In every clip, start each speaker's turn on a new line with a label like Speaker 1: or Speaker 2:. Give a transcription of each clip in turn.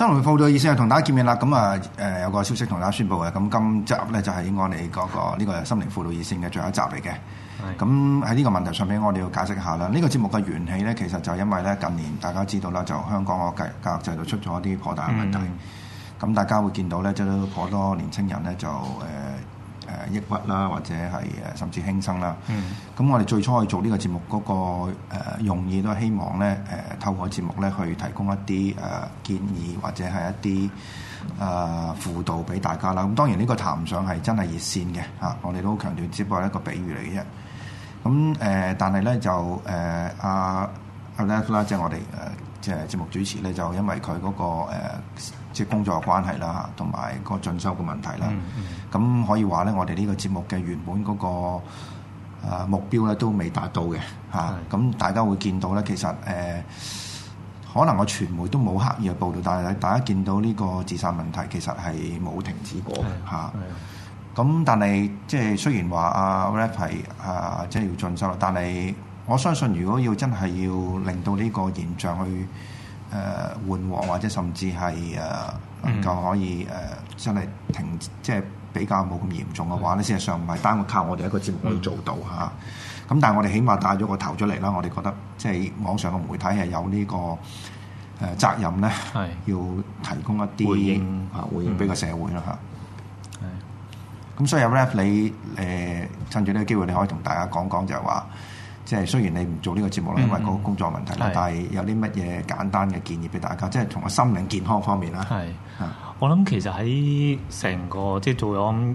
Speaker 1: 心靈輔導熱線同大家見面啦，咁啊，誒、呃，有個消息同大家宣布嘅，咁今集咧就係我哋嗰個呢、這個心靈輔導熱線嘅最後一集嚟嘅。咁喺呢個問題上邊，我哋要解釋下啦。這個、節呢個節目嘅緣起咧，其實就是因為咧，近年大家知道啦，就香港個教教育制度出咗一啲頗大嘅問題，咁、嗯、大家會見到咧，即係頗多年青人咧就誒。呃抑鬱啦，或者係誒甚至輕生啦。咁、嗯、我哋最初去做呢個節目嗰、嗰個用意、呃、都係希望咧誒、呃、透過節目咧去提供一啲誒、呃、建議或者係一啲誒、呃、輔導俾大家啦。咁當然呢個談上係真係熱線嘅嚇，我哋都強調只不過係一個比喻嚟嘅啫。咁誒、呃，但係咧就誒阿 Ralph 啦，即係我哋誒即係節目主持咧，就因為佢嗰、嗰個、呃即係工作嘅關係啦，同埋個進修嘅問題啦。咁、嗯嗯、可以話咧，我哋呢個節目嘅原本嗰、嗰個、啊、目標咧都未達到嘅嚇。咁、啊、大家會見到咧，其實誒、呃、可能我傳媒都冇刻意去報導，但係大家見到呢個自殺問題，其實係冇停止過嘅嚇、咁、啊、但係即係雖然話阿 Ralph 係啊，即係、啊即係、要進修啦，但係我相信如果要真係要令到呢個現象去，誒、呃、緩和或者甚至係誒、呃嗯、能夠可以誒、呃、真係停，即係比較冇咁嚴重嘅話咧，事、嗯、實上唔係單靠我哋一個節目可以做到嚇。咁、嗯啊、但係我哋起碼帶咗個頭出嚟啦，我哋覺得即係網上嘅媒體係有呢、這個誒、呃、責任咧，要提供一啲回應嚇回、啊、應俾個社會啦嚇。係、啊。咁、嗯嗯嗯、所以阿 Ralph 你誒、呃、趁住呢個機會，你可以同大家講講就係話。即係雖然你唔做呢個節目啦，因為個工作問題啦、嗯，但係有啲乜嘢
Speaker 2: 簡單嘅建議俾大家，即係從個心靈健康方面啦。係、嗯，我諗其實喺成個即係、就是、做咗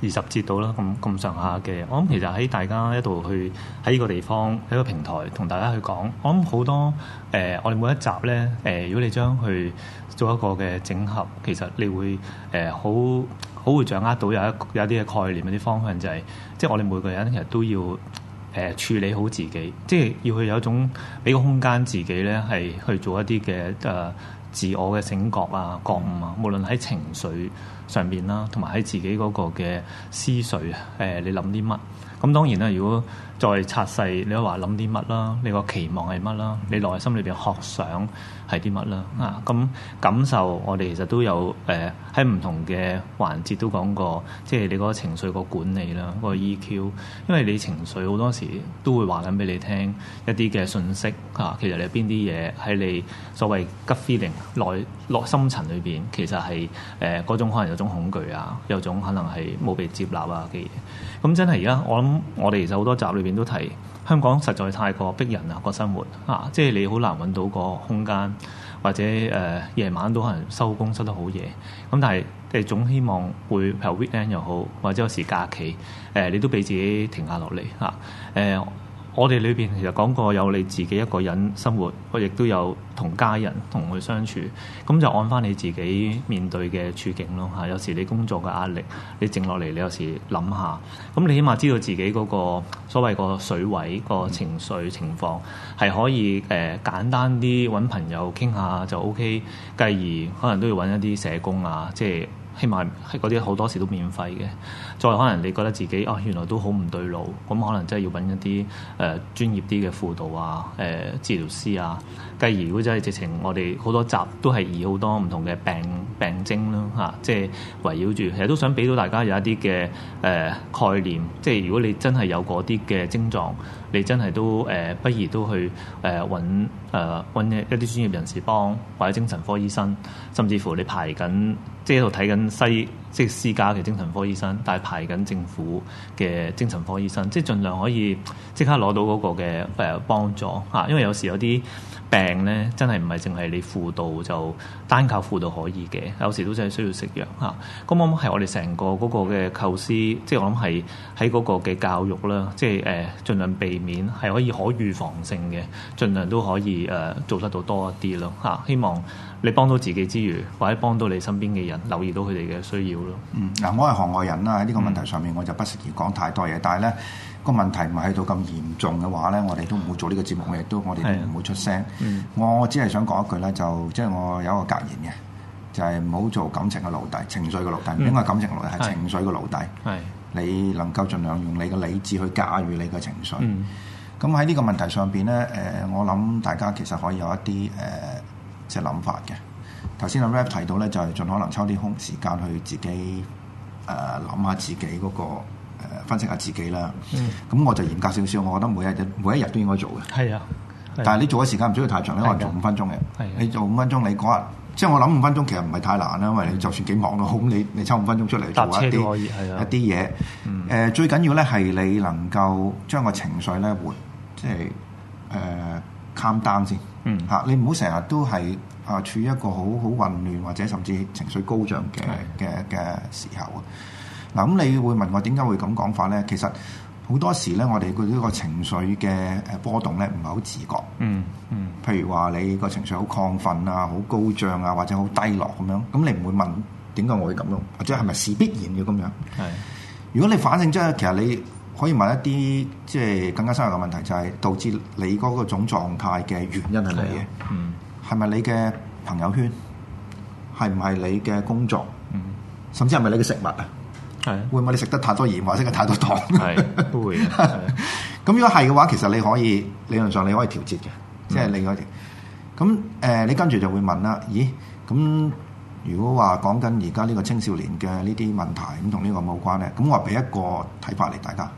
Speaker 2: 二十節度啦，咁咁上下嘅，我諗其實喺大家一度去喺呢個地方喺個平台同大家去講，我諗好多誒、呃，我哋每一集咧誒、呃，如果你將佢做一個嘅整合，其實你會誒好好會掌握到有一有啲嘅概念、一啲方向、就是，就係即係我哋每個人其實都要。誒處理好自己，即係要去有一種俾個空間自己呢，係去做一啲嘅誒自我嘅醒覺啊、覺悟啊。無論喺情緒上面啦、啊，同埋喺自己嗰個嘅思緒誒、呃，你諗啲乜？咁當然啦，如果再拆細，你話諗啲乜啦？你個期望係乜啦？你內心裏邊學想係啲乜啦？啊，咁感受我哋其實都有誒喺唔同嘅環節都講過，即係你個情緒個管理啦，個 EQ，因為你情緒好多時都會話緊俾你聽一啲嘅信息啊、呃，其實你有邊啲嘢喺你所謂 good feeling 內內深層裏邊，其實係誒嗰種可能有種恐懼啊，有種可能係冇被接納啊嘅嘢。咁真係而家我諗我哋其實好多集裏邊。都提香港實在太過逼人啊，個生活啊，即係你好難揾到個空間，或者呃、夜晚都可能收工收得好夜。咁但係你、呃、總希望會譬如 weekend 又好，或者有時假期、呃、你都俾自己停下落嚟吓、呃。我哋裏面其實講過有你自己一個人生活，我亦都有同家人同佢相處，咁就按翻你自己面對嘅處境咯嚇。有時你工作嘅壓力，你靜落嚟你有時諗下，咁你起碼知道自己嗰個所謂個水位、個情緒情況，係可以誒、呃、簡單啲揾朋友傾下就 OK。繼而可能都要揾一啲社工啊，即、就、係、是、起碼嗰啲好多時都免費嘅。再可能你覺得自己、哦、原來都好唔對路，咁可能真係要揾一啲誒、呃、專業啲嘅輔導啊、呃、治療師啊。繼而如果真係直情我哋好多集都係以好多唔同嘅病病徵啦、啊啊、即係圍繞住，其實都想俾到大家有一啲嘅、呃、概念，即係如果你真係有嗰啲嘅症狀，你真係都、呃、不如都去誒揾、呃呃、一啲專業人士幫，或者精神科醫生，甚至乎你排緊即係喺度睇緊西。即私家嘅精神科醫生，但係排緊政府嘅精神科醫生，即係盡量可以即刻攞到嗰個嘅誒幫助吓，因為有時有啲。病咧真係唔係淨係你輔導就單靠輔導可以嘅，有時都真係需要食藥嚇。咁、啊嗯、我諗係、就是、我哋成個嗰個嘅構思，即係我諗係喺嗰個嘅教育啦，即、就、係、是呃、盡量避免係可以可預防性嘅，儘量都可以、呃、做得到多一啲咯、啊、希望你幫到自己之餘，或者幫到你身邊嘅人，留意到佢哋嘅需要咯。嗯，嗱，我係行外人啦，喺呢個問題上面、嗯，我就不適宜講太多嘢，但係咧，
Speaker 1: 個問題唔係到咁嚴重嘅話咧，我哋都唔會做呢個節目，亦都我哋都唔會出聲。是嗯、我只係想講一句咧，就即係、就是、我有一個格言嘅，就係唔好做感情嘅奴隸，情緒嘅奴隸。唔應該感情的奴隸，係情緒嘅奴隸。你能夠盡量用你嘅理智去駕馭你嘅情緒。咁喺呢個問題上邊咧，誒，我諗大家其實可以有一啲誒即係諗法嘅。頭先阿 Ralph 提到咧，就係、是、盡可能抽啲空時間去自己誒諗、呃、下自己嗰、那個。分析下自己啦，咁、嗯、我就嚴格少少，我覺得每日每一日都應該做嘅。
Speaker 2: 係啊，啊，但係你
Speaker 1: 做嘅時間唔需要太長，你可能做五分鐘嘅。係、啊，你做五分鐘，你嗰日即係我諗五分鐘其實唔係太難啦，因為你就算幾忙都好、嗯，你你抽五分鐘出嚟做一啲、啊、一啲嘢。誒、嗯呃，最緊要咧係你能夠將個情緒咧緩，即係誒 calm down 先。嗯，嚇、啊、你唔好成日都係啊處於一個好好混亂或者甚至情緒高漲嘅嘅嘅時候啊。嗱咁，你會問我點解會咁講法咧？其實好多時咧，我哋佢呢個情緒嘅誒波動咧，唔係好自覺。嗯嗯。譬如話你個情緒好亢奮啊，好高漲啊，或者好低落咁樣，咁你唔會問點解我會咁樣，或者係咪事必然嘅咁樣？
Speaker 2: 係、
Speaker 1: 嗯。如果你反證即係其實你可以問一啲即係更加深入嘅問題，就係、是、導致你嗰個種狀態嘅原因係乜嘢？嗯。係咪你嘅朋友圈？係唔係你嘅工作？嗯、甚至係咪你嘅食物啊？會唔會你食得太多鹽，或者食太多糖？係會。咁 如果係嘅話，其實你可以理論上你可以調節嘅，即係你可以。咁誒、呃，你跟住就會問啦。咦？咁如果話講緊而家呢個青少年嘅呢啲問題，咁同呢個冇關咧。咁我俾一個睇法嚟，大家。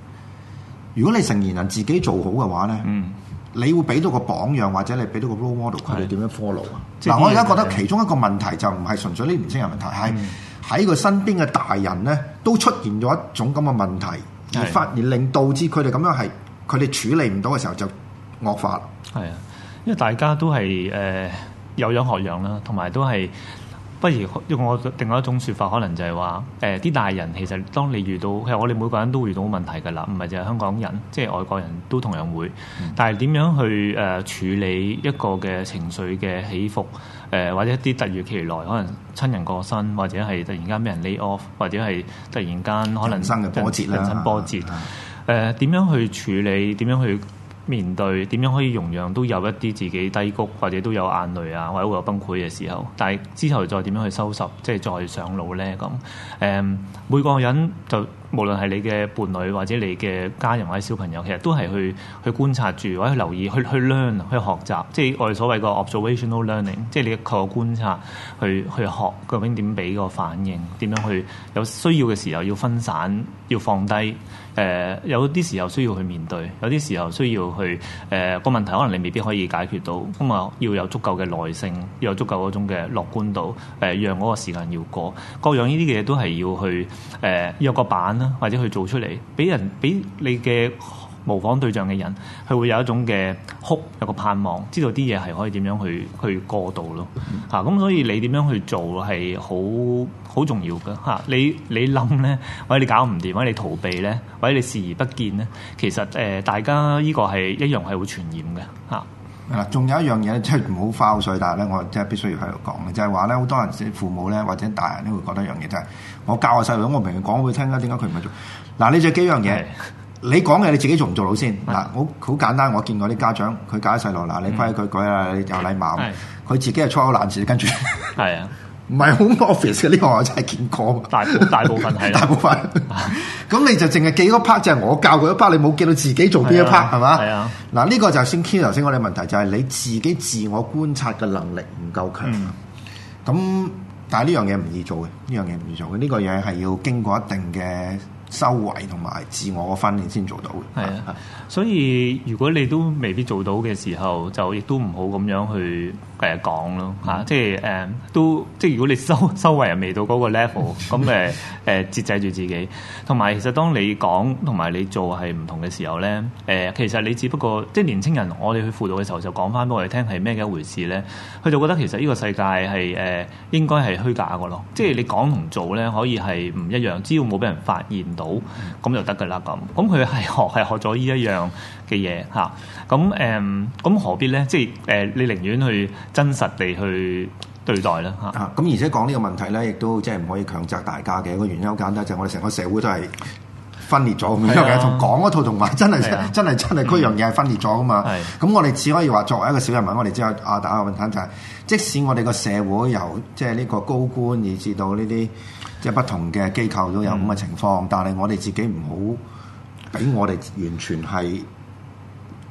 Speaker 1: 如果你成年人自己做好嘅話咧，嗯、你會俾到個榜樣，或者你俾到個 role model，佢哋點樣 follow 啊？嗱，現在我而家覺得其中一個問題就唔係純粹呢年輕人問題，係、嗯。喺佢身邊嘅大人咧，都出現咗一種咁嘅問題，而發現令導致佢哋咁樣係佢哋處理唔到嘅時候就惡化。係
Speaker 2: 啊，因為大家都係誒、呃、有樣學樣啦，同埋都係不如用我另外一種説法，可能就係話誒啲大人其實，當你遇到其實我哋每個人都會遇到問題㗎啦，唔係淨係香港人，即係外國人都同樣會。嗯、但係點樣去誒、呃、處理一個嘅情緒嘅起伏？誒或者一啲突如其來，可能親人過身，或者係突然間俾人 lay off，或者係突然間可能人，人生嘅波折啦。誒、啊、呃、點樣去處理？點樣去面對？點樣可以容讓？都有一啲自己低谷，或者都有眼淚啊，或者會有崩潰嘅時候。但係之後再點樣去收拾？即係再上路咧咁，呃。每個人就。無論係你嘅伴侶，或者你嘅家人，或者小朋友，其實都係去去觀察住，或者去留意，去去 learn 去學習，即係我哋所謂個 observational learning，即係你透過觀察去去學，究竟點俾個反應，點樣去，有需要嘅時候要分散，要放低。誒、呃、有啲時候需要去面對，有啲時候需要去誒個、呃、問題可能你未必可以解決到。咁啊，要有足夠嘅耐性，要有足夠種嘅樂觀度，誒、呃、讓嗰個時間要過各樣，呢啲嘅嘢，都係要去誒約、呃、個板。或者去做出嚟，俾人俾你嘅模仿對象嘅人，佢會有一種嘅哭，有個盼望，知道啲嘢係可以點樣去去過渡咯咁，嗯啊、所以你點樣去做係好好重要嘅，啊，你你諗咧，或者你搞唔掂，或者你逃避咧，或者你視而不見咧，其實、呃、大家呢個係一樣係會傳染嘅嚇
Speaker 1: 係仲有一樣嘢，即係唔好花碎，但係咧，我即係必須要喺度講嘅，就係話咧，好多人父母咧或者大人咧會覺得一樣嘢，就係我教我細路，咁我明明講佢聽啦，點解佢唔係做？嗱，你就幾樣嘢，你講嘅你自己做唔做到先？嗱，好好簡單，我見過啲家長，佢教啲細路，嗱，嗯、你規佢改啊，你有禮貌，佢自己係粗口爛舌，跟住係啊。唔係好 office 嘅呢個，我真係見過。大部大部分係 大部，係 大部分。咁你就淨係幾多 part 就係我教過一 part，你冇見到自己做邊一 part 係嘛？係啊。嗱呢、呢個就先 Kira 頭先我哋問題，就係、係、你自己自我觀察嘅能力唔夠強。咁、嗯、但係呢樣嘢唔易做嘅，呢樣嘢唔易做嘅，呢、呢個嘢係要經過一定嘅修為同埋自我嘅訓練先做到嘅。
Speaker 2: 係啊。 所以如果你都未必做到嘅時候，就亦都唔好咁樣去。誒講咯嚇，即係誒都即係如果你收收為人未到嗰個 level，咁誒誒節制住自己。同埋其實當你講同埋你做係唔同嘅時候咧，誒其實你只不過即係年青人，我哋去輔導嘅時候就講翻俾我哋聽係咩嘅一回事咧，佢就覺得其實呢個世界係誒應該係虛假嘅咯。即係你講同做咧可以係唔一樣，只要冇俾人發現到咁就得㗎啦咁。咁佢係學係學咗呢一樣嘅嘢嚇。咁誒咁何必咧？即係誒你寧願去。真實地去對待啦
Speaker 1: 咁、嗯、而且講呢個問題咧，亦都即係唔可以強責大家嘅一個原因好簡單就係、是、我哋成個社會都係分裂咗咁嘅，同講
Speaker 2: 嗰套同埋真係、啊、真
Speaker 1: 係真係嗰樣嘢係分裂咗噶嘛。咁我哋只可以話作為一個小人民，我哋只有啊打個問攤就係、是，即使我哋個社會由即係呢個高官以至到呢啲即係不同嘅機構都有咁嘅情況，嗯、但係我哋自己唔好俾我哋完全
Speaker 2: 係，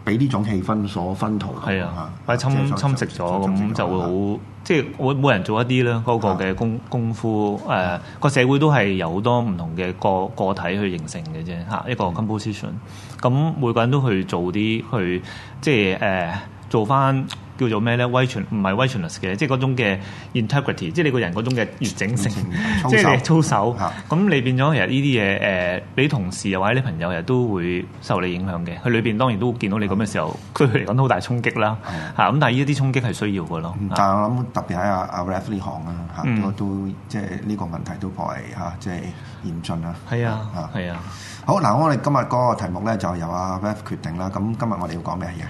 Speaker 2: 俾呢種氣氛所薰陶，係啊，啊侵侵蝕咗咁就會好、啊，即係會每人做一啲咧嗰個嘅功、啊、功夫誒，個、呃、社會都係有好多唔同嘅個個體去形成嘅啫嚇，一個 composition、嗯。咁每個人都去做啲去，即係誒、呃、做翻。叫做咩咧？威傳唔係 Watroness 嘅，即係嗰種嘅 integrity，即係你個人嗰種嘅完整性，即係操守。咁、嗯嗯嗯、你變咗其實呢啲嘢，誒你同事又或者啲朋友又都會受你影響嘅。佢裏邊當然都會見到你咁嘅時候，佢佢嚟講都好大衝擊啦。嚇、嗯、咁，但係呢一啲衝擊係需要嘅咯、嗯
Speaker 1: 嗯。但係我諗特別喺阿阿 Ralph 呢行啊，嚇都、嗯、都即係呢個問題都頗為嚇即係嚴峻啦。係、嗯、啊，係啊，啊。好嗱，那我哋今日嗰個題目咧就由阿
Speaker 2: Ralph 決定啦。咁今日我哋要講咩嘢？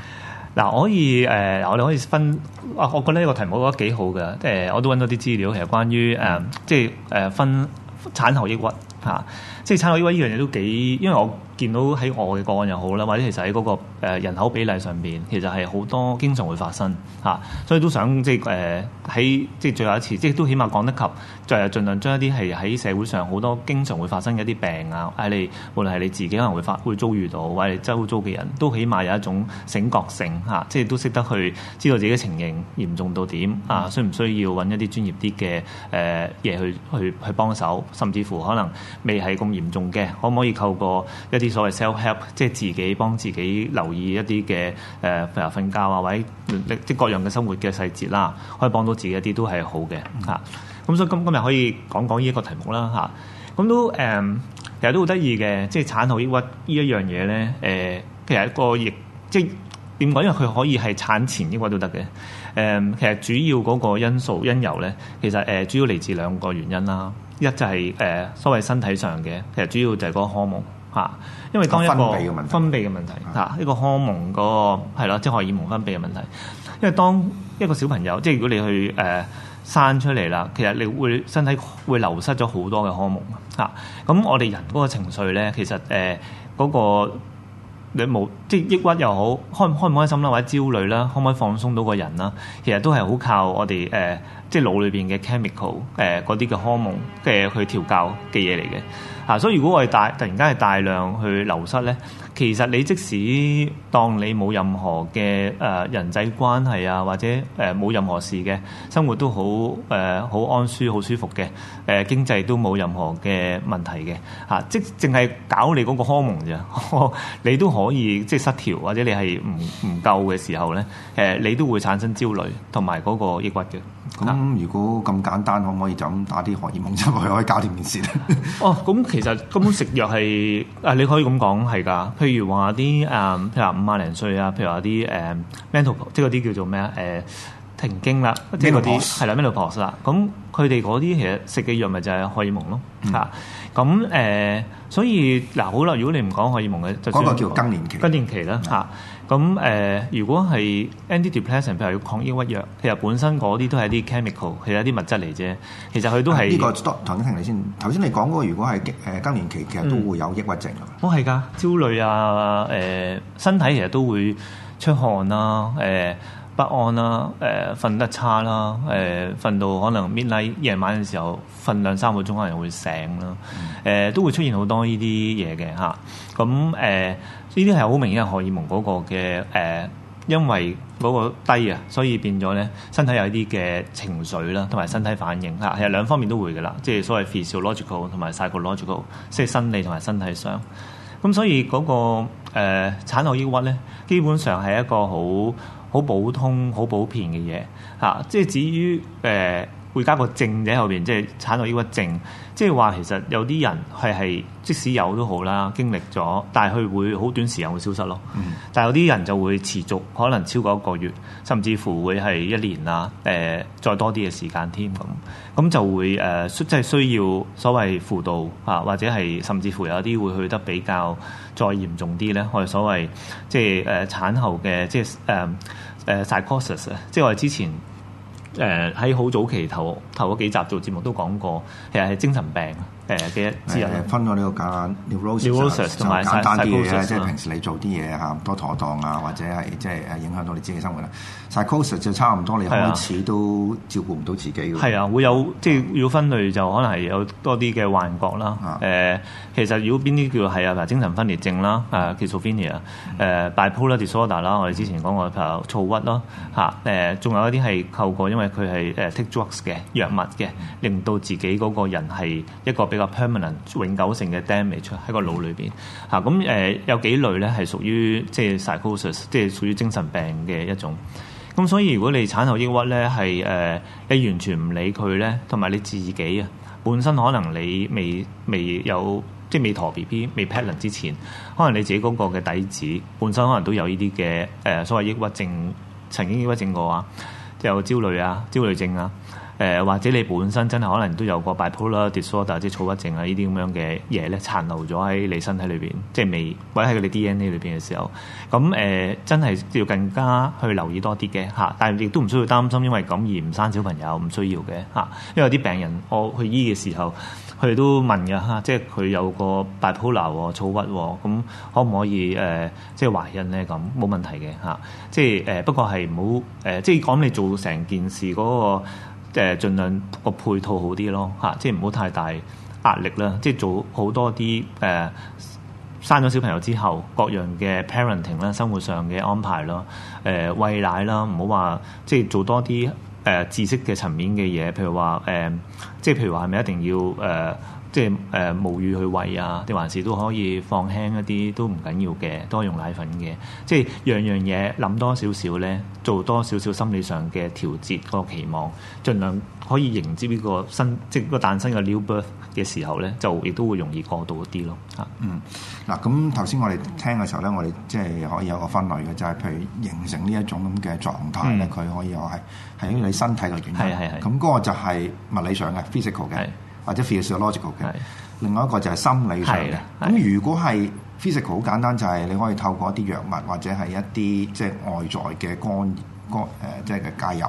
Speaker 2: 嗱、啊，我可以誒、呃，我哋可以分，我我覺得呢個題目我覺得幾好㗎，即係、呃、我都揾到啲資料，其實關於誒、呃，即係誒、呃、分產後抑鬱。嚇、啊，即係參考呢個呢樣嘢都幾，因為我見到喺我嘅個案又好啦，或者其實喺嗰、那個、呃、人口比例上邊，其實係好多經常會發生嚇、啊，所以都想即係誒喺即係最後一次，即係都起碼講得及，就係、是、盡量將一啲係喺社會上好多經常會發生嘅一啲病啊，你，無論係你自己可能會發會遭遇到，或者你周遭嘅人都起碼有一種醒覺性嚇、啊，即係都識得去知道自己嘅情形嚴重到點啊，需唔需要揾一啲專業啲嘅誒嘢去去去幫手，甚至乎可能。未係咁嚴重嘅，可唔可以透過一啲所謂 self help，即係自己幫自己留意一啲嘅誒，譬如瞓覺啊，或者即係各樣嘅生活嘅細節啦，可以幫到自己一啲都係好嘅嚇。咁、嗯啊、所以今今日可以講講呢一個題目啦嚇。咁、啊、都誒、嗯，其實都好得意嘅，即、就、係、是、產後抑鬱東西呢一樣嘢咧誒，其實一個亦即係點講，因為佢可以係產前抑鬱都得嘅。誒、嗯，其實主要嗰個因素因由咧，其實誒、呃、主要嚟自兩個原因啦。一就係、是、誒、呃、所謂身體上嘅，其實主要就係嗰個荷蒙，因為當一個分泌嘅問題嚇、啊，一個荷蒙嗰、那個係即係荷爾蒙分泌嘅問題。因為當一個小朋友即係如果你去誒、呃、生出嚟啦，其實你會身體會流失咗好多嘅荷蒙嚇。咁、啊、我哋人嗰個情緒咧，其實誒嗰、呃那個你冇即係抑鬱又好，開開唔開心啦、啊，或者焦慮啦、啊，可唔可以放鬆到個人啦、啊？其實都係好靠我哋誒。呃即係腦裏邊嘅 chemical，誒嗰啲嘅 hormone 嘅去調教嘅嘢嚟嘅，啊，所以如果我哋大突然間係大量去流失咧，其實你即使當你冇任何嘅誒人際關係啊，或者誒冇、呃、任何事嘅生活都好誒好安舒、好舒服嘅，誒、呃、經濟都冇任何嘅問題嘅，嚇、啊，即係淨係搞你嗰個 hormone 咋， 你都可以即係失調，或者你係唔唔夠嘅時候咧，誒、啊、你都會產生焦慮同埋嗰個抑鬱嘅。啊嗯咁、嗯、如果咁簡單，可唔可以就咁打啲荷爾蒙出去，可以搞掂件事咧？哦，咁其實根本食藥係誒，你可以咁講係㗎。譬如話啲誒，譬如話五十零歲啊，譬如話啲誒 mental，即係嗰啲叫做咩啊？誒、呃、停經啦，mm -hmm. 即嗰啲係啦 menopause 啦。咁佢哋嗰啲其實食嘅藥咪就係荷爾蒙咯嚇。咁、mm、誒 -hmm. 啊，所以嗱、啊、好啦，如果你唔講荷爾蒙嘅，就、嗰個叫更年期，更年期啦嚇。嗯咁誒、呃，如果係 antidepressant 譬如要抗抑鬱藥，其實本身嗰啲都係啲 chemical，其實係一啲物質嚟啫。其實佢都係呢、啊呢
Speaker 1: 個，等我聽你先。頭先你講嗰個，如果係誒、呃、更年期，其實都會有抑鬱症
Speaker 2: 㗎係㗎，焦慮啊，誒、呃、身體其實都會出汗啦、啊，誒、呃。不安啦，誒、呃、瞓得差啦，誒、呃、瞓到可能 midnight 夜晚嘅時候瞓兩三個鐘，可能會醒啦，誒、呃、都會出現好多呢啲嘢嘅嚇。咁誒，呢啲係好明顯係荷爾蒙嗰個嘅誒、啊，因為嗰個低啊，所以變咗咧身體有一啲嘅情緒啦，同埋身體反應、啊、其實兩方面都會嘅啦，即係所謂 physiological 同埋 psychological，即係生理同埋身體上。咁、啊、所以嗰、那個誒、啊、產後抑鬱咧，基本上係一個好好普通、好普遍嘅嘢嚇，即係至於誒。呃會加個症者喺後面，即係產後抑鬱症。即係話其實有啲人係即使有都好啦，經歷咗，但係佢會好短時間會消失咯。嗯、但係有啲人就會持續，可能超過一個月，甚至乎會係一年啦、呃、再多啲嘅時間添咁。咁就會即係、呃、需要所謂輔導啊，或者係甚至乎有啲會去得比較再嚴重啲咧。我哋所謂即係誒、呃、產後嘅即係誒 psychosis 即係我哋之前。誒、呃，喺好早期頭頭嗰幾集做節目都講過，其實係精神病。誒嘅，誒
Speaker 1: 分咗呢個叫 neurosis 即係平時你做啲嘢多妥當啊，或者係即係影響到你自己生活啦。Psychosis 就差唔多、啊、你開始都照顧唔到自己
Speaker 2: 啊，會有、啊、即係要分類就可能係有多啲嘅幻覺啦。啊呃、其實如果邊啲叫係啊，精神分裂症、啊嗯呃 disorder, 嗯、啦，叫 schizophrenia，誒，bipolar disorder 啦，我哋之前講過譬如躁鬱咯，仲有一啲係透過因為佢係、呃、take drugs 嘅藥物嘅、嗯，令到自己嗰個人係一個比。個 permanent 永久性嘅 damage 喺個腦裏邊嚇，咁、嗯、誒、呃、有幾類咧係屬於即係 psychosis，即係屬於精神病嘅一種。咁所以如果你產後抑鬱咧，係誒、呃、你完全唔理佢咧，同埋你自己啊，本身可能你未未有即係未陀 BB 未 parent 之前，可能你自己嗰個嘅底子本身可能都有呢啲嘅誒所謂抑鬱症，曾經抑鬱症過啊，就有焦慮啊，焦慮症啊。誒、呃、或者你本身真係可能都有個 bipolar disorder，即係躁鬱症啊，呢啲咁樣嘅嘢咧殘留咗喺你身體裏面，即係未擺喺你 D N A 裏面嘅時候，咁誒、呃、真係要更加去留意多啲嘅。但亦都唔需要擔心，因為咁而唔生小朋友唔需要嘅。因為有啲病人我去醫嘅時候，佢哋都問㗎，即係佢有個 bipolar 躁鬱咁，哦、可唔可以、呃、即係懷孕咧？咁冇問題嘅。即係誒、呃、不過係唔好，即係講你做成件事嗰、嗰個。誒，儘量個配套好啲咯，嚇，即係唔好太大壓力啦，即係做好多啲誒、呃，生咗小朋友之後，各樣嘅 parenting 啦，生活上嘅安排咯，誒、呃，餵奶啦，唔好話即係做多啲誒、呃、知識嘅層面嘅嘢，譬如話誒、呃，即係譬如話係咪一定要誒？呃即係誒、呃、無語去餵啊？定還是都可以放輕一啲，都唔緊要嘅，多用奶粉嘅。即係樣樣嘢諗多少少咧，做多少少心理上嘅調節、個期望，儘量可以迎接呢個新即係個誕生嘅 new birth 嘅時候咧，就亦都會容易過渡一啲咯。啊，嗯，
Speaker 1: 嗱，咁頭先我哋聽嘅時候咧，我哋即係可以有個分類嘅，就係、是、譬如形成呢一種咁嘅狀態咧，佢、嗯、可以話係係喺你身體嘅轉變。係係咁嗰個就係物理上嘅、嗯、physical 嘅。嗯或者 physiological 嘅，另外一個就係心理上嘅。咁如果係 physical，好簡單，就係你可以透過一啲藥物或者係一啲即係外在嘅干幹誒，即係嘅介入，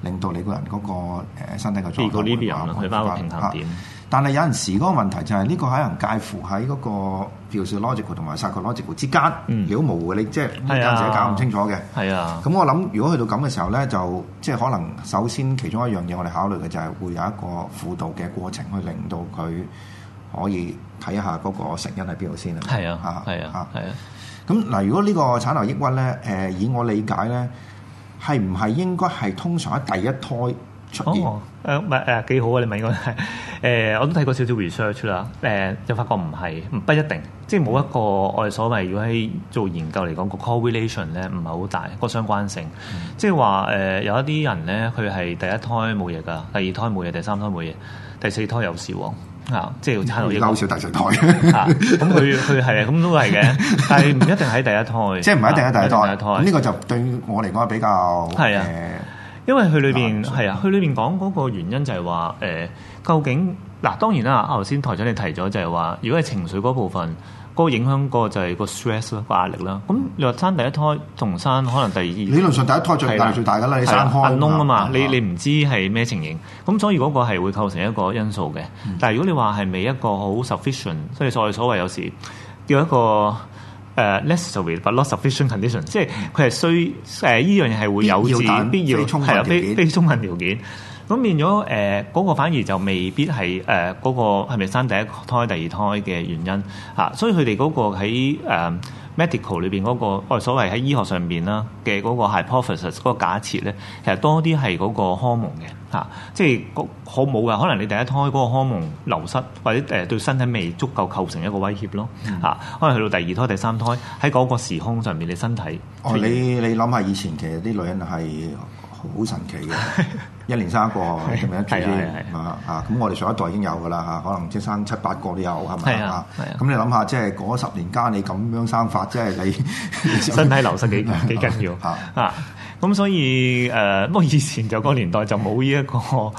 Speaker 1: 令到你個人嗰、那個誒、呃、身體嘅狀況去翻個 Livium，包平衡點。啊但係有陣時嗰個問題就係、是、呢、這個可能介乎喺嗰個 physiological 同埋 psychological 之間，果、嗯、模糊嘅，你、嗯、即係自己搞唔清楚嘅。係啊，咁、啊、我諗如果去到咁嘅時候咧，就即係可能首先其中一樣嘢我哋考慮嘅就係會有一個輔導嘅過程，去令到佢可以睇下嗰個成因喺邊度先係啊，係啊，啊。咁嗱、啊，啊啊、如果呢個產後抑鬱咧、呃，以我理解咧，係唔係應該係通常喺
Speaker 2: 第一胎？哦，唔係誒，幾好啊！啊好你問我，誒、欸，我都睇過少少 research 啦，誒、欸，就發覺唔係，不一定，即係冇一個我哋所謂如果喺做研究嚟講個 correlation 咧，唔係好大，個相關性，即係話誒，有一啲人咧，佢係第一胎冇嘢噶，第二胎冇嘢，第三胎冇嘢，第四胎有事喎，啊，即係生到啲嬲少大神胎，咁佢佢係啊，咁都係嘅，但係唔一定喺第一胎，即係唔係一定喺第一胎，咁、啊、呢個就
Speaker 1: 對我嚟講比較係啊。
Speaker 2: 因為佢裏面係啊，去、啊、裏邊講嗰個原因就係話、欸、究竟嗱、啊、當然啦，頭先台長你提咗就係話，如果係情緒嗰部分，個、嗰個影響個就係個 stress 咯，個壓力啦。咁你話生第一胎同生可能第二，理論上第一胎最大係最大噶啦、啊，你生開啊窿啊嘛，你你唔知係咩情形，咁所以嗰個係會構成一個因素嘅、嗯。但係如果你話係未一個好 sufficient，所以所謂有時叫一個。誒、uh, necessary but not sufficient condition，即係佢係需，誒，依樣嘢係會有至必要，係啊非、非充分條件。咁 變咗誒嗰個反而就未必係誒嗰個係咪生第一胎第二胎嘅原因啊？所以佢哋嗰個喺誒。呃 Medical 裏邊嗰個我哋所謂喺醫學上邊啦嘅嗰個 hypothesis 嗰個假設咧，其實多啲係嗰個 hormone 嘅嚇，即、啊、係、就是、好冇嘅，可能你第一胎嗰個 hormone 流失，或者誒對身體未足夠構成一個威脅咯嚇、嗯啊，可能去到第二胎、第三胎喺嗰個時空上邊你身體
Speaker 1: 哦、就是，你你諗下以前其實啲女人係。好神奇嘅， 一年生一個，咁樣係啊！咁我哋上一代已經有噶啦嚇，可能即係生七八個都有，係咪啊？咁你諗下，即係嗰十年間你咁樣生法，即係你
Speaker 2: 身體流失幾 幾緊重要 啊？咁所以誒，不、啊、過以前就嗰年代就冇呢一個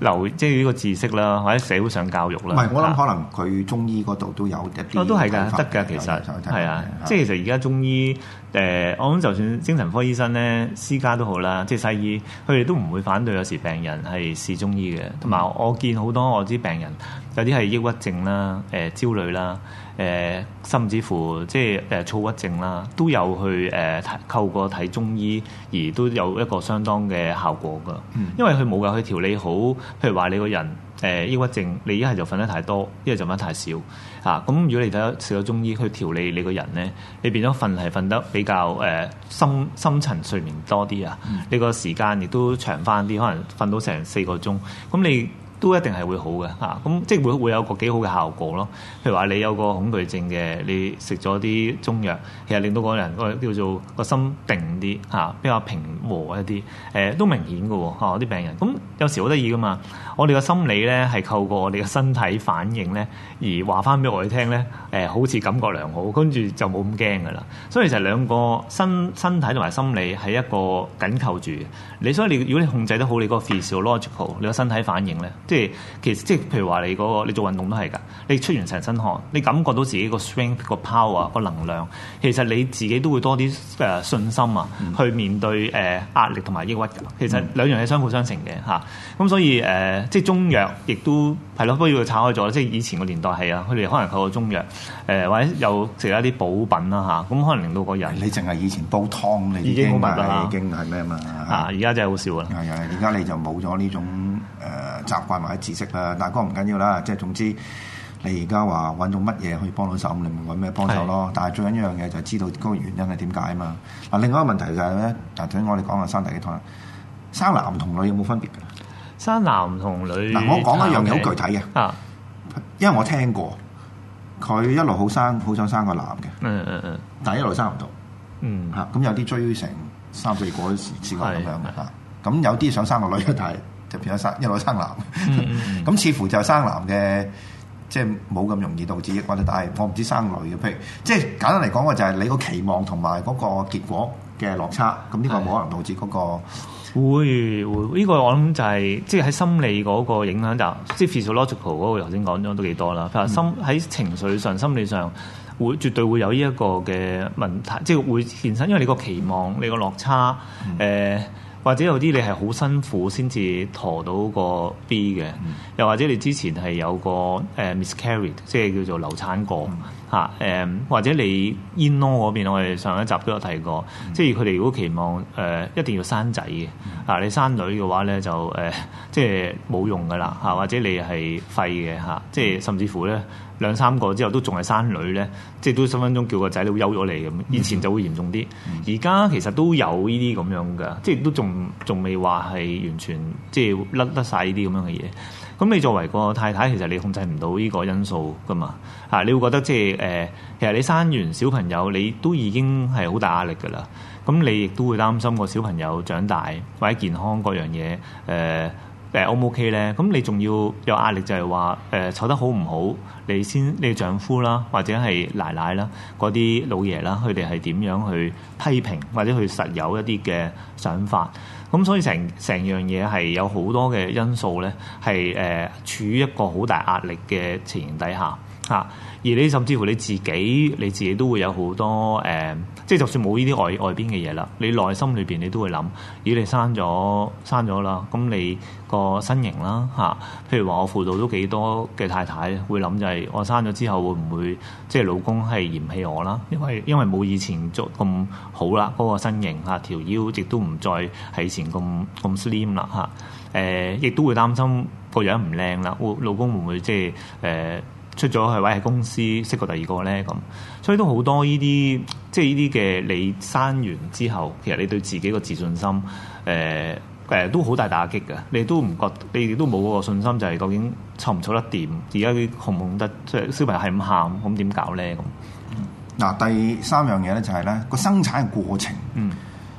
Speaker 2: 留，即係依個知識啦，或者社會上教育啦。唔係，我諗可能佢中醫嗰度都有啲，都係㗎，得㗎，其實係啊，即係其實而家中醫。誒、呃，我諗就算精神科醫生咧，私家都好啦，即係西醫，佢哋都唔會反對有時病人係試中醫嘅。同埋我見好多我啲病人，有啲係抑鬱症啦、呃，焦慮啦，誒、呃、甚至乎即係誒躁鬱症啦，都有去誒透、呃、過睇中醫，而都有一個相當嘅效果㗎。嗯、因為佢冇嘅，去調理好，譬如話你個人。誒、呃、抑鬱症，你一係就瞓得太多，一係就瞓太少嚇。咁、啊、如果你睇食咗中醫，去調理你個人咧，你變咗瞓係瞓得比較誒、呃、深深層睡眠多啲啊，嗯、你個時間亦都長翻啲，可能瞓到成四個鐘，咁你。都一定係會好嘅嚇，咁、啊、即係會會有個幾好嘅效果咯。譬如話你有個恐懼症嘅，你食咗啲中藥，其實令到個人、個叫做個心定啲嚇、啊，比較平和一啲。誒、欸、都明顯嘅喎啲病人。咁有時好得意嘅嘛，我哋嘅心理咧係透過我哋嘅身體反應咧而話翻俾我哋聽咧，誒、欸、好似感覺良好，跟住就冇咁驚嘅啦。所以其實兩個身身體同埋心理係一個緊扣住嘅。你所以你如果你控制得好你嗰個 physiological 你個身體反應咧。即係其實，即係譬如話你嗰、嗰個、你做運動都係㗎，你出完成身汗，你感覺到自己個 strength、個 power、個能量，其實你自己都會多啲誒信心啊，去面對誒壓力同埋抑鬱㗎。其實兩樣嘢相輔相成嘅嚇，咁所以誒、呃，即係中藥亦都係咯，不如佢炒開咗。即係以前個年代係啊，佢哋可能靠個中藥誒，或者有食一啲補品啦嚇，咁可能令到個人你淨係以前煲湯，你已經冇乜已經係咩嘛嚇，而家真係好少啦，係啊，
Speaker 1: 而家你就冇咗呢種。誒、呃、習慣或者知識啦，但嗰個唔緊要啦，即係總之你而家話揾到乜嘢可以幫到手，你咪揾咩幫手咯。但係最緊要一樣嘢就係知道嗰個原因係點解啊嘛。嗱，另外一個問題就係、是、咧，嗱，頭先我哋講下生第幾胎，生男同女有冇分別嘅？生男同女，嗱，我講一樣嘢好具體嘅、啊，因為我聽過佢一路好生，好想生個男嘅、嗯
Speaker 2: 嗯，但係一路生唔到，
Speaker 1: 嗯嚇，咁、嗯、有啲追成三四個月時間咁樣嘅，咁有啲想生個女一睇。嗯但生一女生男，咁、嗯嗯、 似乎就係生男嘅，即係冇咁容易導致抑鬱啦。但係我唔知道生女嘅，譬如即係簡單嚟講，就係你個期望同埋嗰個結果嘅落差，咁、嗯、呢個冇可能導致嗰、那個
Speaker 2: 會呢、這個我諗就係即係喺心理嗰個影響就是、即係 physiological 嗰、那個頭先講咗都幾多啦。譬如心喺、嗯、情緒上、心理上會絕對會有呢一個嘅問題，即係會產生。因為你個期望、嗯、你個落差，誒、嗯。呃或者有啲你係好辛苦先至陀到個 B 嘅，嗯、又或者你之前係有個、uh, miscarried，即係叫做流產過，嗯嗯、或者你 in law 嗰邊，我哋上一集都有提過，嗯、即係佢哋如果期望、呃、一定要生仔嘅、嗯啊、你生女嘅話咧就、呃、即係冇用嘅啦，或者你係廢嘅，即係甚至乎咧。兩三個之後都仲係生女咧，即係都分分鐘叫個仔都休咗嚟咁。以前就會嚴重啲，而家其實都有呢啲咁樣㗎，即係都仲仲未話係完全即係甩得晒呢啲咁樣嘅嘢。咁你作為個太太，其實你控制唔到呢個因素噶嘛，吓，你會覺得即係、呃、其實你生完小朋友，你都已經係好大壓力㗎啦。咁你亦都會擔心個小朋友長大或者健康各樣嘢誒。呃誒 O 唔 O K 咧？咁你仲要有壓力就，就係話誒坐得好唔好？你先你丈夫啦，或者係奶奶啦，嗰啲老爺啦，佢哋係點樣去批評或者去實有一啲嘅想法？咁所以成成樣嘢係有好多嘅因素咧，係誒、呃、處於一個好大壓力嘅情形底下。嚇、啊！而你甚至乎你自己，你自己都會有好多誒、嗯，即係就算冇呢啲外外邊嘅嘢啦，你內心裏邊你都會諗：咦、呃？你生咗生咗啦，咁你、啊那個身形啦嚇，譬如話我輔導都幾多嘅太太會諗就係我生咗之後會唔會即係老公係嫌棄我啦？因為因為冇以前咁好啦，嗰個身形嚇條腰亦都唔再係以前咁咁 slim 啦嚇，誒、啊、亦、啊、都會擔心個樣唔靚啦，老公會唔會即係誒？啊出咗去或係公司識過第二個咧咁，所以都好多呢啲即係呢啲嘅你生完之後，其實你對自己個自信心呃、都好大打擊㗎。你都唔覺得，你都冇嗰個信心，就係究竟湊唔湊得掂？而家紅唔紅得，即係小朋友係咁喊，咁點搞咧咁？
Speaker 1: 嗱，第
Speaker 2: 三樣嘢咧就係咧個
Speaker 1: 生產嘅過程。嗯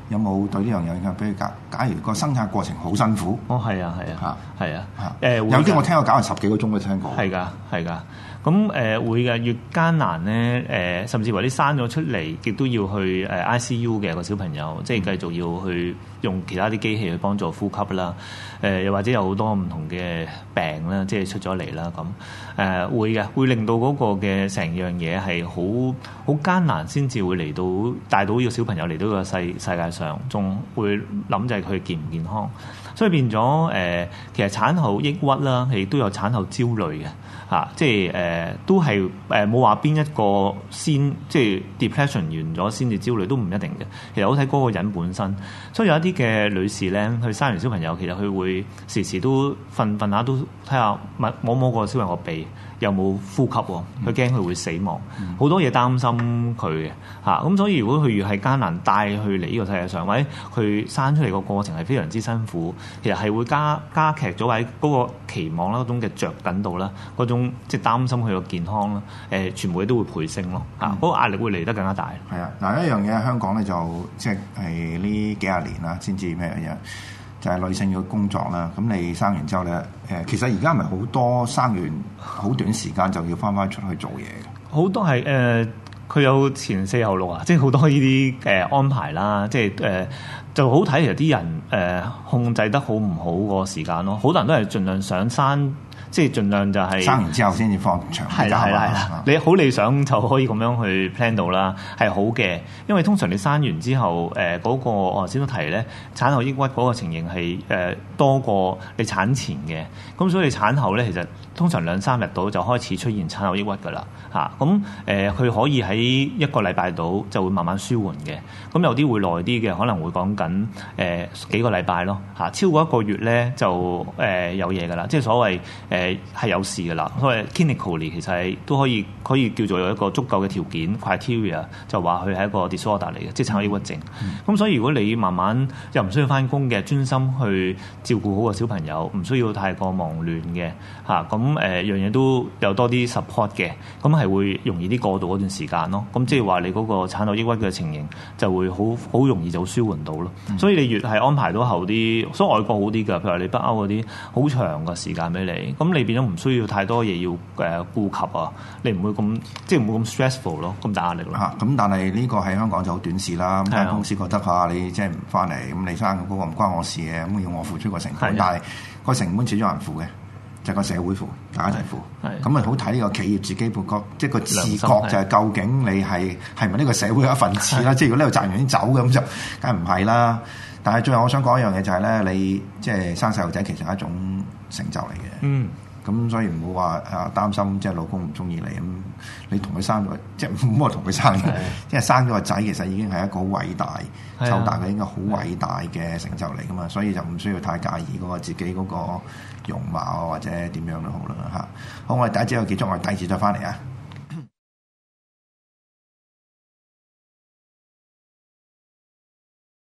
Speaker 1: 有冇對呢樣嘢？譬如假假如個生產過程好辛苦，
Speaker 2: 哦，係啊，係啊，嚇，係啊，嚇、啊，誒，有啲我聽
Speaker 1: 過搞成十幾個鐘都聽過，係
Speaker 2: 噶，係噶。咁誒會嘅越艱難咧，誒甚至為啲生咗出嚟亦都要去誒 I C U 嘅、個小朋友，即係繼續要去。用其他啲機器去幫助呼吸啦，誒、呃、又或者有好多唔同嘅病啦，即係出咗嚟啦，咁誒、呃、會嘅，會令到嗰個嘅成樣嘢係好好艱難才，先至會嚟到帶到呢個小朋友嚟到個世世界上，仲會諗就係佢健唔健康。所以變咗誒、呃，其實產後抑鬱啦，亦都有產後焦慮嘅、啊、即係誒、呃、都係誒冇話邊一個先，即係 depression 完咗先至焦慮都唔一定嘅。其實好睇嗰個人本身，所以有一啲嘅女士咧，佢生完小朋友，其實佢會時時都瞓瞓下都睇下，冇摸摸個小朋友個鼻。又冇呼吸？佢驚佢會死亡，好、嗯、多嘢擔心佢嘅嚇。咁、嗯、所以如果佢越係艱難帶佢嚟呢個世界上，或者佢生出嚟個過程係非常之辛苦，其實係會加加劇咗喺嗰個期望啦、嗰種嘅著緊度啦、嗰種即係、就是、擔心佢個健康啦。誒、呃，全部嘢都會倍升咯，啊、嗯，嗰、那個壓力會嚟得更加大、嗯。
Speaker 1: 係啊，嗱一樣嘢喺香港咧，就即係係呢幾廿年啦，先至咩樣嘢？就係、是、女性要工作啦，咁你生完之後咧，誒，其實而家咪好多生完好短時間就
Speaker 2: 要返返出去做嘢嘅，好多係誒，佢、呃、有前四後六啊，即係好多呢啲誒安排啦，即係誒、呃，就好睇其實啲人誒、呃、控制得好唔好個時間咯，好多人都係盡量上山。即係儘量就係、是、生完之後先至放長假啦。你好理想就可以咁樣去 plan 到啦，係好嘅。因為通常你生完之後，誒、呃、嗰、那個我頭先都提咧，產後抑鬱嗰個情形係誒、呃、多過你產前嘅。咁所以你產後咧，其實通常兩三日到就開始出現產後抑鬱噶啦。嚇、啊，咁誒佢可以喺一個禮拜度就會慢慢舒緩嘅。咁、啊、有啲會耐啲嘅，可能會講緊誒幾個禮拜咯。嚇、啊，超過一個月咧就誒、啊、有嘢噶啦。即係所謂誒。啊係有事嘅啦，所以 clinically 其實都可以可以叫做有一個足夠嘅條件 criteria，就話佢係一個 disorder 嚟嘅、嗯，即係產後抑鬱症。咁、嗯、所以如果你慢慢又唔需要翻工嘅，專心去照顧好個小朋友，唔需要太過忙亂嘅嚇，咁、啊、誒、呃、樣嘢都有多啲 support 嘅，咁係會容易啲過渡嗰段時間咯。咁即係話你嗰個產後抑鬱嘅情形就會好好容易就舒緩到咯。嗯、所以你越係安排到後啲，所以外國好啲嘅，譬如你北歐嗰啲好長嘅時間俾你咁。你變咗唔需要太多嘢要誒顧及啊！你唔會咁即係唔會咁 stressful 咯，咁大壓力咯、啊。嚇！咁但係呢個喺香港就好短
Speaker 1: 視啦。咁間、啊、公司覺得嚇你即係唔翻嚟，咁你生嗰個唔關我事嘅，咁要我付出個成本。是啊、但係個成本始終有人付嘅，就係個、是、社會付，啊、大家一齊付。咁啊，好睇呢個企業自己僥倖，即係個自覺就係究竟你係係咪呢個社會嘅一份子啦？是啊，是啊，即係如果呢度賺完先走嘅咁就梗係唔係啦。但係最後我想講一樣嘢就係、是、咧，你即係、就是、生細路仔其實係一種成就嚟嘅。嗯。咁所以唔好話啊擔心即係老公唔中意你咁，你同佢生咗，即係唔好話同佢生，即係生咗個仔，其實已經係一個好偉大、湊大佢應該好偉大嘅成就嚟噶嘛，所以就唔需要太介意嗰個自己嗰個容貌或者點樣都好啦吓。好，我哋第一節有結束，我哋第二節
Speaker 2: 再翻嚟啊！